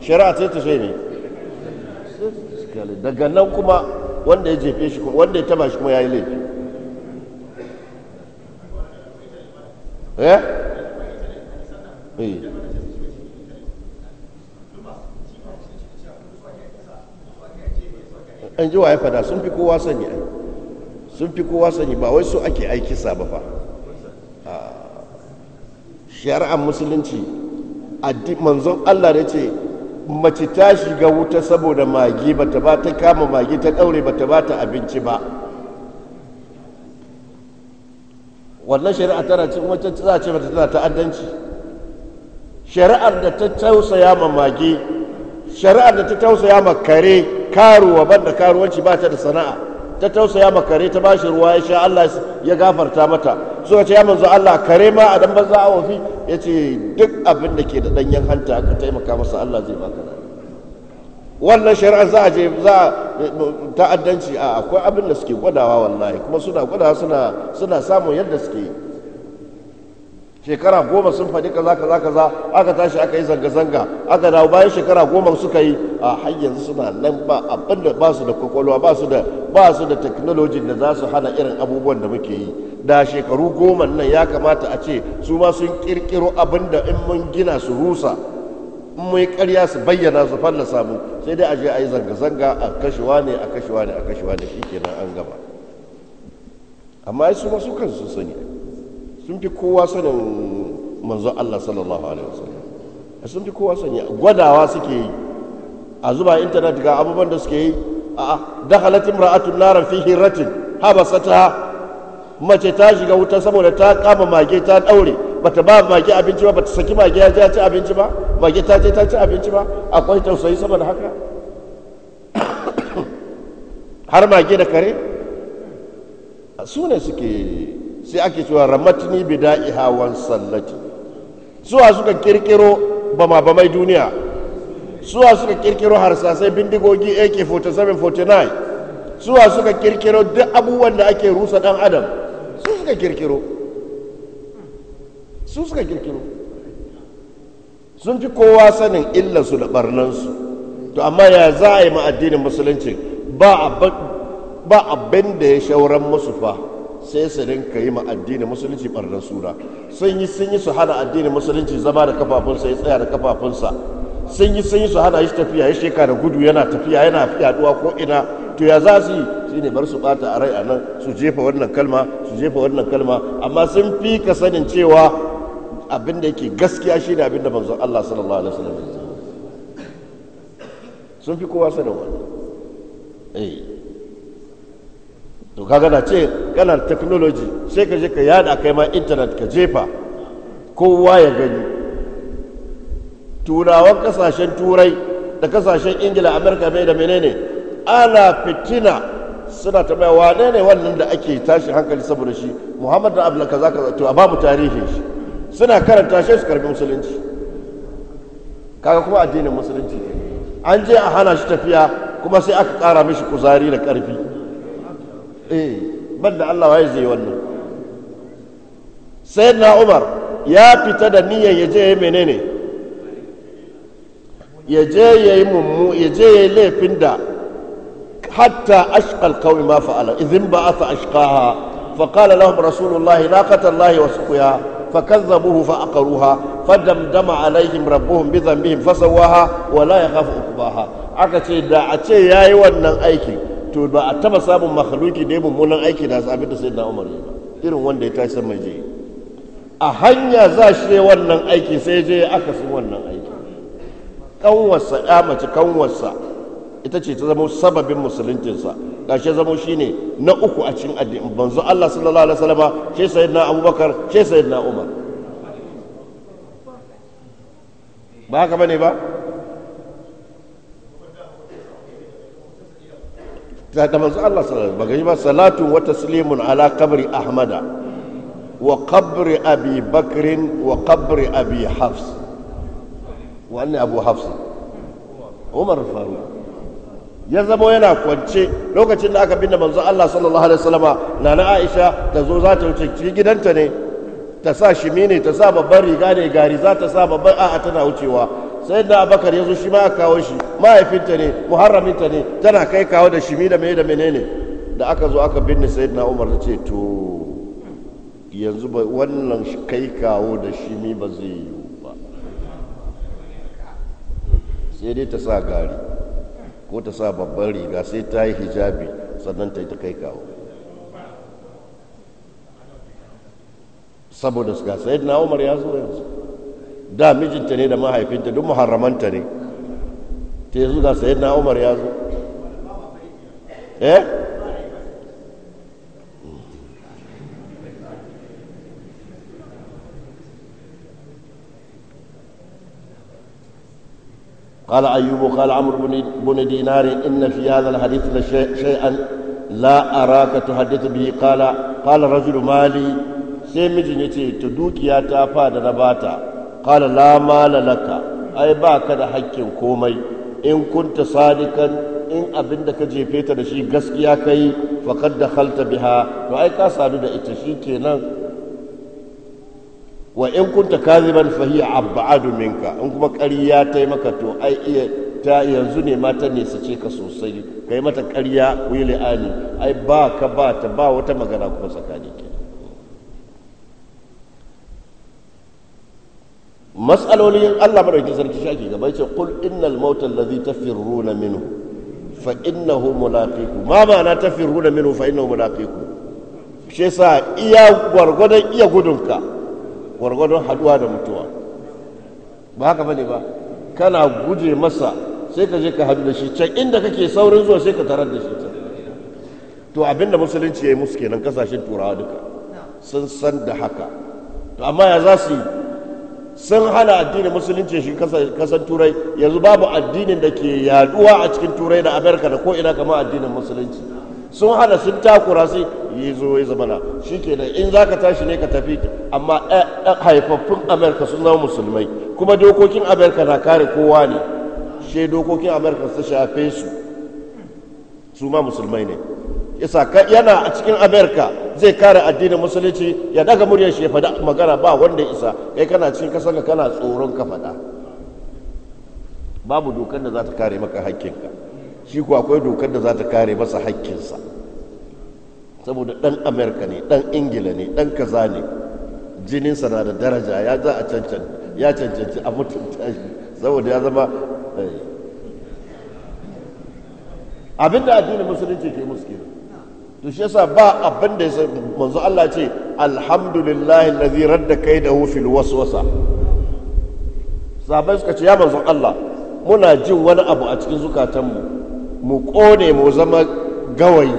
shari'a sai ta ne daga nan kuma wanda ya jefe shi wanda ya taba shi kuma ya yi laifi Eh? an ji waye fada sun fi kowa sani sun fi kowa sani ba wai so ake aiki saba ba fa ah. shari'ar musulunci manzon Allah da ce mace ta shiga wuta saboda magi bata ba ta kama magi ta daure bata ba ta abinci ba wannan shari'a tana ce kuma za ce mata tana ta'addanci shari'ar da ta tausaya ma mage shari'ar da ta tausaya ma kare karuwa banda karuwanci ba ta da sana'a ta tausaya ma kare ta bashi ruwa ya sha Allah ya gafarta mata suka ce ya manzo Allah kare ma a dan banza a wafi yace duk abin da ke da danyen hanta ka taimaka masa Allah zai baka wannan shari'a za a je za ta'addanci a akwai abin da suke gwadawa wallahi kuma suna gwadawa suna suna samun yadda suke yi shekara goma sun faɗi kaza kaza kaza aka tashi aka yi zanga-zanga aka dawo bayan shekara goma suka yi a har yanzu suna nan ba abin da ba su da kwakwalwa ba su da ba su da technology da za su hana irin abubuwan da muke yi da shekaru goma nan ya kamata a ce su ma sun kirkiro abin da in mun gina su rusa mai karya ƙarya su bayyana su fallasa mu sai dai a je a yi zanga-zanga a kashewa ne a kashewa ne a kashewa ne shi kenan an gaba amma su masu kansu sun sani sun fi kowa sanin manzon Allah sallallahu alaihi wasallam sun fi kowa sani gwadawa suke yi a zuba intanet ga abubuwan da suke yi a dakhalat imra'atun nara fi hiratin habasata mace ta shiga wuta saboda ta kama mage ta daure bata ba mage abinci ba bata saki mage ya ci abinci ba ba ta je ta ci abinci ba akwai tausayi saboda haka har mage da kare su ne suke sai ake cewa ramatini bida'i hawan sallati suwa suka kirkiro bama bamai duniya suwa suka kirkiro harsasai bindigogi ak-47 49 suwa suka kirkiro duk abubuwan da ake rusa dan adam su suka kirkiro su suka kirkiro sun fi kowa sanin illarsu da barnansu to amma ya za a yi ma addinin musulunci ba abin da ya shauran musu fa sai su rinka yi ma addinin musulunci barnan sura sun yi sun yi su hana addinin musulunci zama da kafafunsa ya tsaya da kafafunsa sun yi sun yi su hana shi tafiya ya sheka da gudu yana tafiya yana yaduwa ko ina to ya za su yi shi ne bar su bata a rai a nan su jefa wannan kalma su jefa wannan kalma amma sun fi ka sanin cewa abin da yake gaskiya shi ne abin da manzon Allah sallallahu alaihi wasallam ya sun fi kowa sanin wani eh to kaga na ce kana technology sai ka je ka yada kai ma internet ka jefa kowa ya gani turawan kasashen turai da kasashen ingila amurka bai da menene ana fitina suna tambaya wane ne wannan da ake tashi hankali saboda shi muhammad da abu kaza kaza to a babu tarihin shi suna karanta shi su karbi musulunci kaga kuma addinin musulunci ne an je a hana shi tafiya kuma sai aka kara mishi kuzari da karfi eh banda Allah waye zai wannan sayyidina Umar ya fita da niyyar ya je yayi menene ya je yayi mummu ya je yayi laifin da hatta ashqal qaumi ma fa'ala idhin ba'atha ashqaha فقال لهم رسول الله ناقة الله وسقياها فكذبوه فأقروها فدمدم عليهم ربهم بذنبهم فسواها ولا يخاف عقباها أكتي دا أتي ياي ونن أيكي to ba a taba samun makhluki da ya mummunan aiki da abin da sayyidina ba irin wanda ya tashi mai je a hanya za shi ne wannan aiki sai zai aka fi wannan aiki kanwarsa ya mace kanwarsa ita ce ta zama sababin musuluncinsa gashi zamo ne na uku a cikin addini banzu Allah sallallahu alaihi wasallam ce sayyidina Abubakar ce sayyidina Umar ba haka bane ba da manzo Allah sallallahu alaihi ba salatu wa taslimun ala qabri ahmada wa qabri abi bakrin wa qabri abi hafs wa anna abu hafs umar faruq ya zamo yana kwance lokacin da aka binne manzo Allah sallallahu alaihi wasallama nana Aisha ta zo za ta wuce gidanta ne ta sa shimi ne ta sa babban riga ne gari za ta sa babban a'a tana wucewa sai da abakar ya zo shi ma kawo shi mahaifinta ne muharraminta ne tana kai kawo da shimi da mai da menene da aka zo aka binne sayyidina umar ta ce to yanzu ba wannan kai kawo da shimi ba zai yiwu ba sai dai ta sa gari ko ta sa babban riga sai ta yi hijabi sannan ta yi ta kai kawo saboda su ga yadda na umar ya zo yanzu da mijinta ne da mahaifinta duk muharramanta ne ta yi ga sayid na umar ya zo eh قال أيوب قال عمرو بن دينار إن في هذا الحديث شيئا لا أراك تحدث به قال قال رجل مالي sai mijin ya ce ta dukiya ta fada na bata qala la mala laka ai ba ka da hakkin komai in kunta sadikan in abinda ka jefe ta da shi gaskiya kai faqad dakhalta biha to ai ka sadu da ita shi kenan wa in kunta kaziban fa hiya abadu minka in kuma ƙarya ta yi maka to ai iya ta yanzu ne mata ne su ce ka sosai kai mata ƙarya wili ani ai ba ka ba ta ba wata magana kuma tsakani ke matsalolin Allah madaukakin sarki shi ake gaba yace qul innal mautal ladhi tafirruna minhu fa innahu mulaqikum ma ma'ana tafirruna minhu fa innahu mulaqikum shi sa iya gwargwadon iya gudunka gwargwadon haduwa da mutuwa ba haka bane ba kana guje masa sai ka je ka hadu da shi can inda kake saurin zuwa sai ka tarar da shi can to abinda musulunci ya yi musu kenan kasashen turawa duka sun san da haka to amma ya za su yi sun hana addinin musulunci shi kasan turai yanzu babu addinin da ke yaduwa a cikin turai da amerika da ko ina kama addinin musulunci sun hana sun takura sai yi zo ya ke shikenan in za ka tashi ne ka tafi amma eh, eh, haifaffun amerika sun zama musulmai kuma dokokin amerika na kare kowa ne shi dokokin amerika su shafe su su ma musulmai ne isa yana a cikin amerika zai kare addinin musulunci ya daga muryar shi ya faɗa magana ba wanda isa kai kana cikin ka kana tsoron ka faɗa babu dokar da za ta kare maka hakkinka shi ko akwai dokar da za ta kare masa haƙƙinsa saboda ɗan amerika ne ɗan ingila ne ɗan kaza ne jininsa na da daraja ya za a ya cancanci a mutunta shi saboda ya zama eh. abin da addinin musulunci ke musu kenan to shi yasa ba abin da ya manzo Allah ce alhamdulillahi allazi radda kaidahu fil waswasa sabai suka ce ya manzo Allah muna jin wani abu a cikin zukatanmu mu kone mu zama gawayi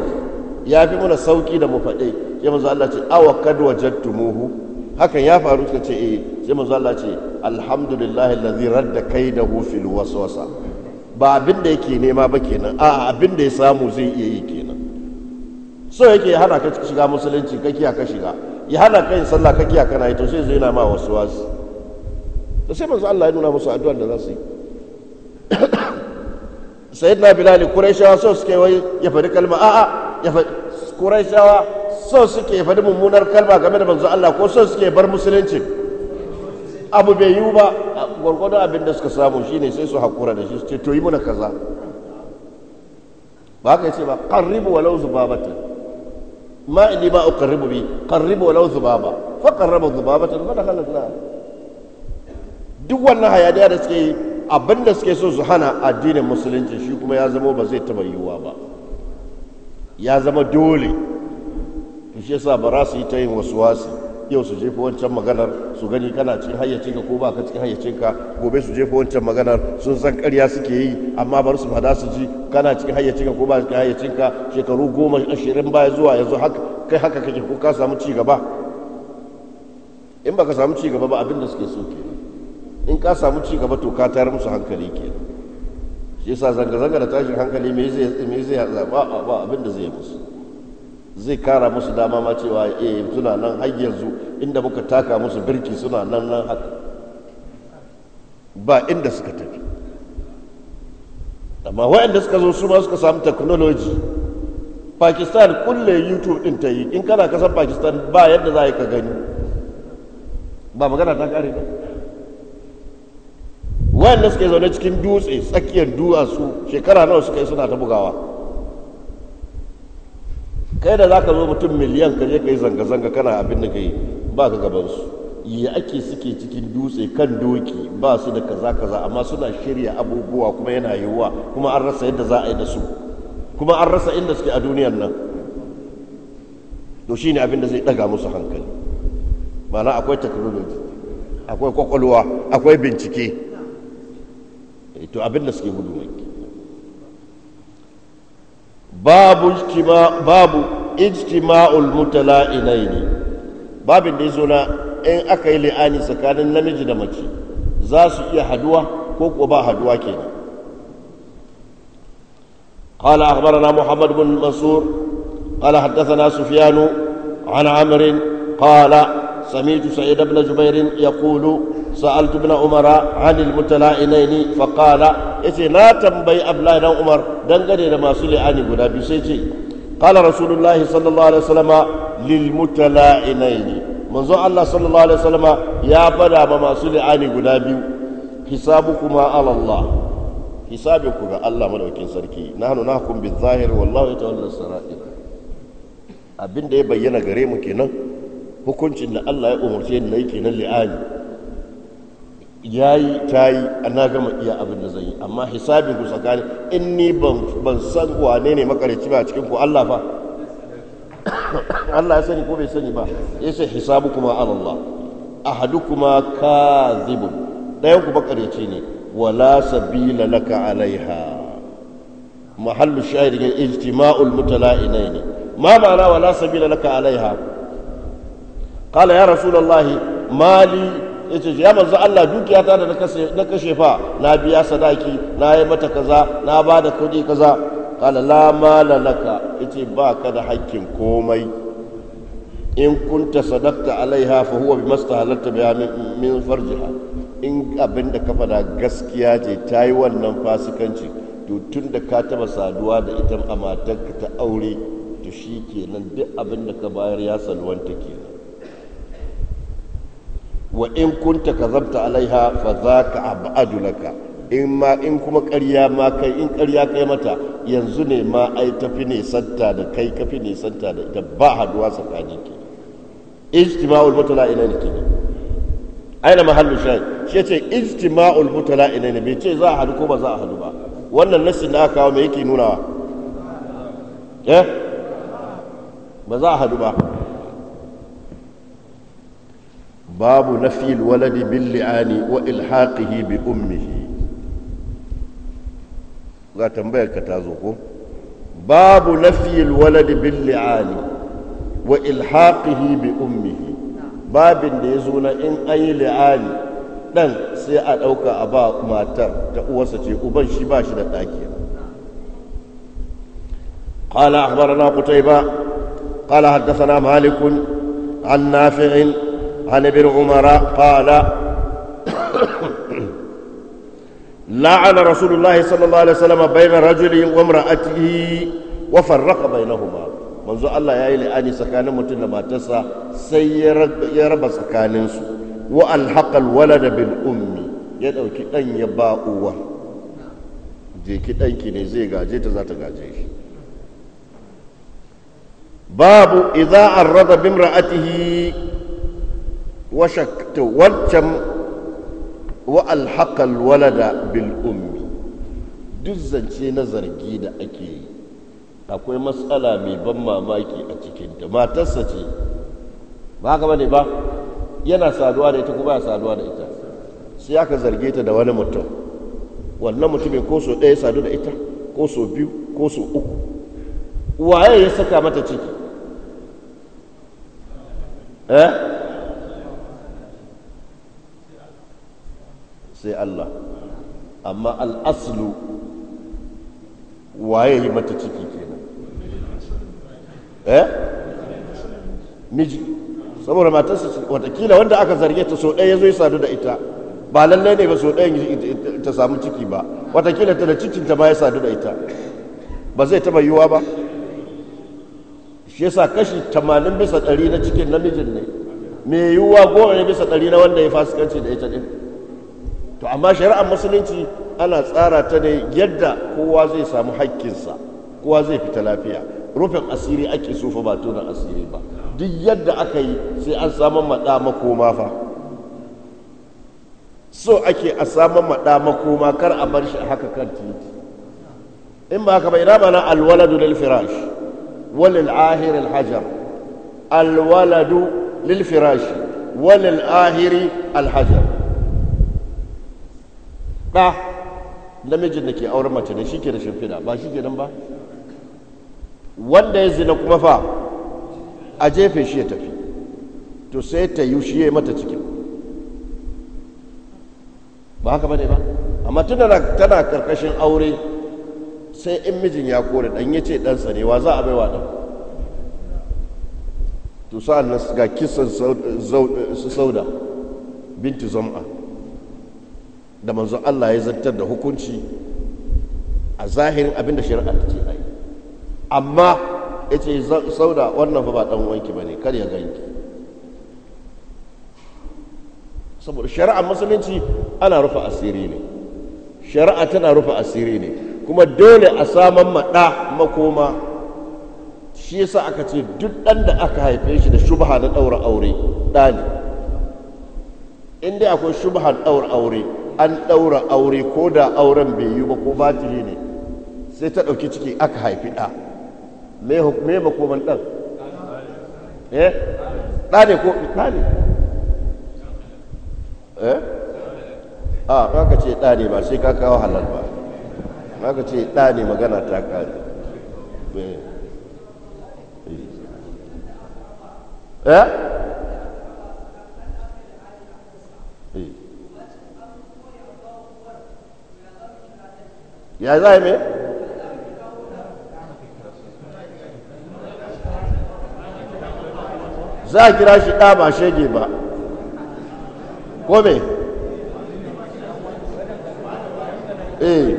ya fi mana sauki da mu faɗe sai manzo Allah ce awa kad muhu hakan ya faru ka ce eh sai manzo Allah ce alhamdulillahi allazi radda kaidahu fil waswasa ba abin da yake nema ba kenan a abin da ya samu zai iya yi kenan so yake ya hana ka shiga musulunci ka kiya ka shiga ya hana ka yin sallah ka kiya kana yi to sai zai na ma wasu wasu da sai manzo Allah ya nuna musu addu'a da za su yi sayyidina bilal quraishawa so suke wai ya faɗi kalma a'a ya faɗi quraishawa so suke ya faɗi mummunar kalma game da manzo Allah ko so suke bar musulunci abu bai yiwu ba gwargwadon abin da suka samu shine sai su hakura da shi su ce to yi muna kaza ba ka yace ba qarribu walau zubabatan ma inni ma uqarribu bi qarribu walau zubaba fa qarrabu zubabatan fa dakhala an duk wannan hayaniya da suke yi abinda suke so su hana addinin musulunci shi kuma ya zama ba zai taba yiwuwa ba ya zama dole to shi yasa ba za su yi ta yin wasu wasi yau su jefa wancan maganar su gani kana cikin hayyacinka ko ba ka cikin hayyacinka gobe su jefa wancan maganar sun san karya suke yi amma bari su fada su ji kana cikin hayyacinka ko ba cikin hayyacinka shekaru goma ashirin baya zuwa yanzu haka kai haka kake ko ka samu ci gaba in baka samu ci gaba ba abin da suke so ke in ka samu ci gaba to ka tayar musu hankali ke shi yasa zanga-zanga da tashin hankali me zai me zai zaba ba abin da zai musu zai kara musu dama ma cewa eh suna nan har yanzu inda muka taka musu birki suna nan nan haka ba inda suka tafi amma waɗanda suka zo su ma suka samu technology pakistan kulle youtube din ta yi in kana kasar pakistan ba yadda za ka gani ba magana ta kare ba wanda suke zaune cikin dutse tsakiyar duwatsu shekara nawa suka yi suna ta bugawa kai da za ka zo mutum miliyan ka je ka yi zanga-zanga kana abin da ka yi ba ka gabansu ya ake suke cikin dutse kan doki ba su da kaza-kaza amma suna shirya abubuwa kuma yana yiwuwa kuma an rasa yadda za a yi da su kuma an rasa inda suke a duniyar nan to shi ne abin da zai ɗaga musu hankali ma'ana akwai technology akwai kwakwalwa akwai bincike to abin da suke gudu mai babu babu ijtima'ul mutala'inaini babin da zo na in aka yi li'ani tsakanin namiji da mace za su iya haduwa ko ko ba haduwa kenan قال أخبرنا محمد بن منصور قال حدثنا سفيان عن عمرو قال سمعت سعيد بن جبير يقول سألت ابن عمر عن المتلائنين فقال يتي لا تنبي أبلا بن عمر دنقني لما سلعني قنا بسيتي قال رسول الله صلى الله عليه وسلم للمتلائنين منذ الله صلى الله عليه وسلم يا بدا ما سلعني قنا بيو حسابكما على الله حسابكما الله ملوكين سركي نحن نحكم بالظاهر والله يتولى السرائر abin da ya bayyana gare mu kenan hukuncin da Allah ya umarce ni na yi kenan li'ani ya yi ta yi na gama iya abin da zan yi amma hisabin ku tsakani in ni ban san wane ne makarici ba cikin ku Allah fa Allah ya sani ko bai sani ba ya ce hisabu kuma Allah ahadu kuma ka zibu ɗayan ku makarici ne wala sabila laka alaiha mahallu shahidin ijtima'ul mutala'inaini ma ma'ana wala sabila laka alaiha kala ya rasulullahi mali yace ya manzo Allah dukiyata da na kashe fa na biya sadaki na yi mata kaza na ba da kuɗi kaza kala la mala laka ba ka da hakkin komai in kunta sadakta alaiha fa huwa bimastahalarta biha min farjiha in abin da ka faɗa gaskiya ce ta yi wannan fasikanci to tun da ka taɓa saduwa da ita a ta aure to shi kenan duk abin da ka bayar ya salwanta kenan wa in kunta kazabta alaiha fa za ka abu in ma in kuma ƙarya ma kai in ƙarya kai mata yanzu ne ma ai tafi ne santa da kai kafi ne santa da ita ba haduwa tsakanin ki ijtima'ul mutala ne kenan aina mahallu shayi shi ce ijtima'ul mutala ne bai ce za a hadu ko ba za a hadu ba wannan nasin da aka kawo me yake nunawa eh ba za a hadu ba باب نفي الولد باللعان وإلحاقه بأمه ga tambayar ka ta zo ko babu nafi walad bil li'ani wa ilhaqihi bi ummihi babin da yazo na in ayi li'ani dan sai a dauka a ba matar ta uwarsa ce uban shi ba shi da daki قال أخبرنا قتيبة قال حدثنا مالك عن نافع عن ابن عمر قال لعن رسول الله صلى الله عليه وسلم بين رجل وامرأته وفرق بينهما manzo Allah ya yi la'ani tsakanin mutum da matarsa sai ya raba tsakaninsu wa alhaqal walada bil ummi ya ɗauki ɗan ya ba uwa jeki ɗanki ne zai gaje ta za ta gaje shi babu وشكت wancan والحق الولد بالام bil ummi duk zance na zargi da ake yi akwai matsala mai ban mamaki a cikinta matarsa ce ba haka bane ba yana saduwa da ita kuma ya saduwa da ita sai aka zarge ta da wani mutum wannan mutumin ko so ɗaya sadu da ita ko so biyu ko so uku waye ya saka mata ciki eh sai Allah amma al'aslu waye yi mata ciki kenan eh miji saboda matarsa watakila wanda aka zarge ta so ɗaya zai sadu da ita ba lallai ne ba so ɗayan ta samu ciki ba watakila ta da cikinta ba ya sadu da ita ba zai taɓa yiwuwa ba shi yasa kashi tamanin bisa ɗari na cikin namijin ne mai yiwuwa goma ne bisa ɗari na wanda ya fasikanci da ita ɗin to amma shari'ar musulunci ana tsara ta ne yadda kowa zai samu haƙƙinsa kowa zai fita lafiya rufin asiri ake sufa ba tunan asiri ba duk yadda aka yi sai an samun maɗa makoma fa so ake a samun maɗa makoma kar a bar shi haka kan titi in ba haka ba ina ba na alwaladu lil firash walil ahir alhajar alwaladu lil firash walil ahiri alhajar ɗa namijin da ke auren mace ne shi ke da shimfiɗa ba shi ke nan ba wanda ya zina kuma fa a jefe shi ya tafi to sai ta yi shi ya yi mata cikin ba haka bane ba amma da tana karkashin aure sai in mijin ya kore dan ya ce ɗansa ne wa za a baiwa ɗan to sa'an nan ga kisan sauda binti da manzon Allah ya zartar da hukunci a zahirin abin da shari'a ta ce ai amma ya ce sauda wannan fa ba dan wanki bane kar ya ganki saboda shari'a musulunci ana rufe asiri ne shari'a tana rufe asiri ne kuma dole a saman maɗa makoma shi yasa aka ce duk ɗan da aka haife shi da shubha na ɗaura aure ɗa ne in dai akwai shubhan ɗaura aure an ɗaura aure ko da auren bai yi ba ko batiri ne sai ta ɗauki ciki aka haifi ɗa me makoman ɗan eh ɗa ne ko ɗa ne eh a kaka ce ɗa ne ba sai ka kawo halal ba kaka ce ɗa ne magana ta kare eh, eh. eh? ya za me za a kira shi ɗa ba shege ba ko me eh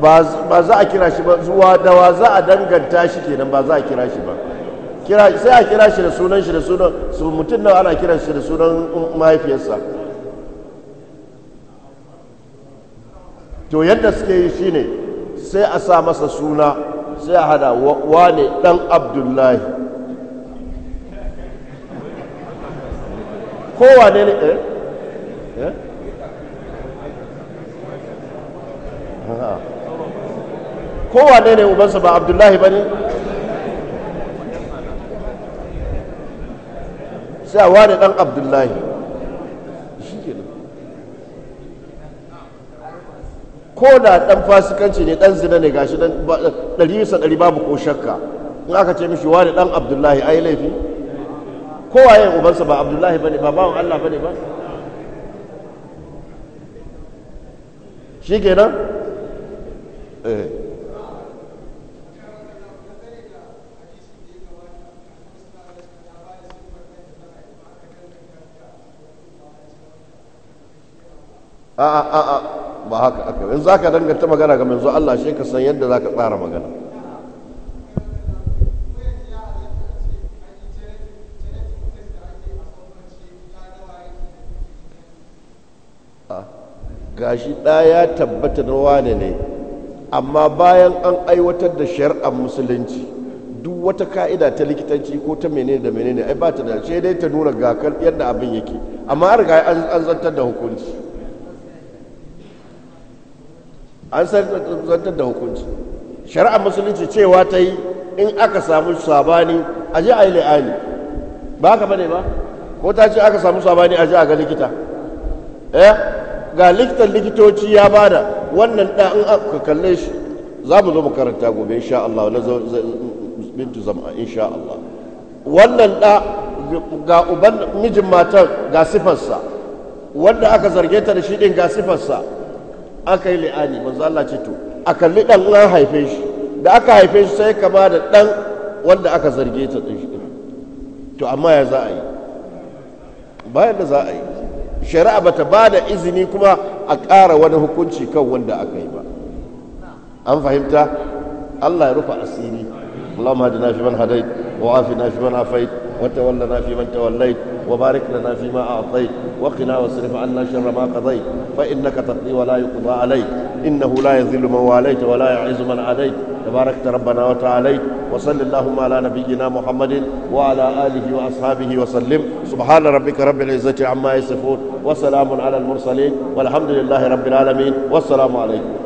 ba za a kira shi ba zuwa dawa za a danganta shi kenan ba za a kira shi ba sai a kira shi da sunan shi da sunan su mutum nan ana kira shi da sunan mahaifiyarsa to yadda suke yi shine sai a sa masa suna sai a hada wane dan abdullahi kowa ne eh, eh? kowa ne ubansa ba abdullahi ba ne sai a wane dan abdullahi ko da dan fasikanci ne dan zina ne gashi dan ɗari bisa ɗari babu ko shakka in aka ce mishi wani dan abdullahi ai laifi ko waye ubansa ba abdullahi bane ba bawan allah bane ba shi kenan eh a a a ba haka aka in za ka danganta magana ga manzo Allah shi ka san yadda za ka tsara magana ah, gashi ɗaya tabbata na wane ne amma bayan an aiwatar da shari'ar musulunci duk wata ka'ida ta likitanci ko ta menene da menene ai ba ta da sai dai ta nuna ga yadda abin yake amma riga an zantar da hukunci an zartar da hukunci shari'ar musulunci cewa ta yi in aka samu sabani a ji a yi la'ani ba ka bane ba ko ta ce aka samu sabani a ji a ga likita eh ga likitan likitoci ya bada wannan da in aka kalle shi za mu zo mu karanta gobe insha Allah na bintu zama insha Allah wannan da ga uban mijin matar ga sifarsa wanda aka zarge ta da shi din ga sifarsa aka yi li'ani manzo Allah ce to a kalli dan an haife shi da aka haife shi sai ka ba da dan wanda aka zarge ta din to amma ya za a yi bayan da za a yi shari'a bata ba da izini kuma a ƙara wani hukunci kan wanda aka yi ba an fahimta Allah ya rufa asiri fi man hadayt wa afina fi man afayt وتولنا في من توليت وبارك لنا فيما أعطيت وقنا واصرف عنا شر ما قضيت فإنك تقضي ولا يقضى عليك إنه لا يذل من واليت ولا يعز من عليت تباركت ربنا وتعاليت وصل اللهم على نبينا محمد وعلى آله وأصحابه وسلم سبحان ربك رب العزة عما يصفون وسلام على المرسلين والحمد لله رب العالمين والسلام عليكم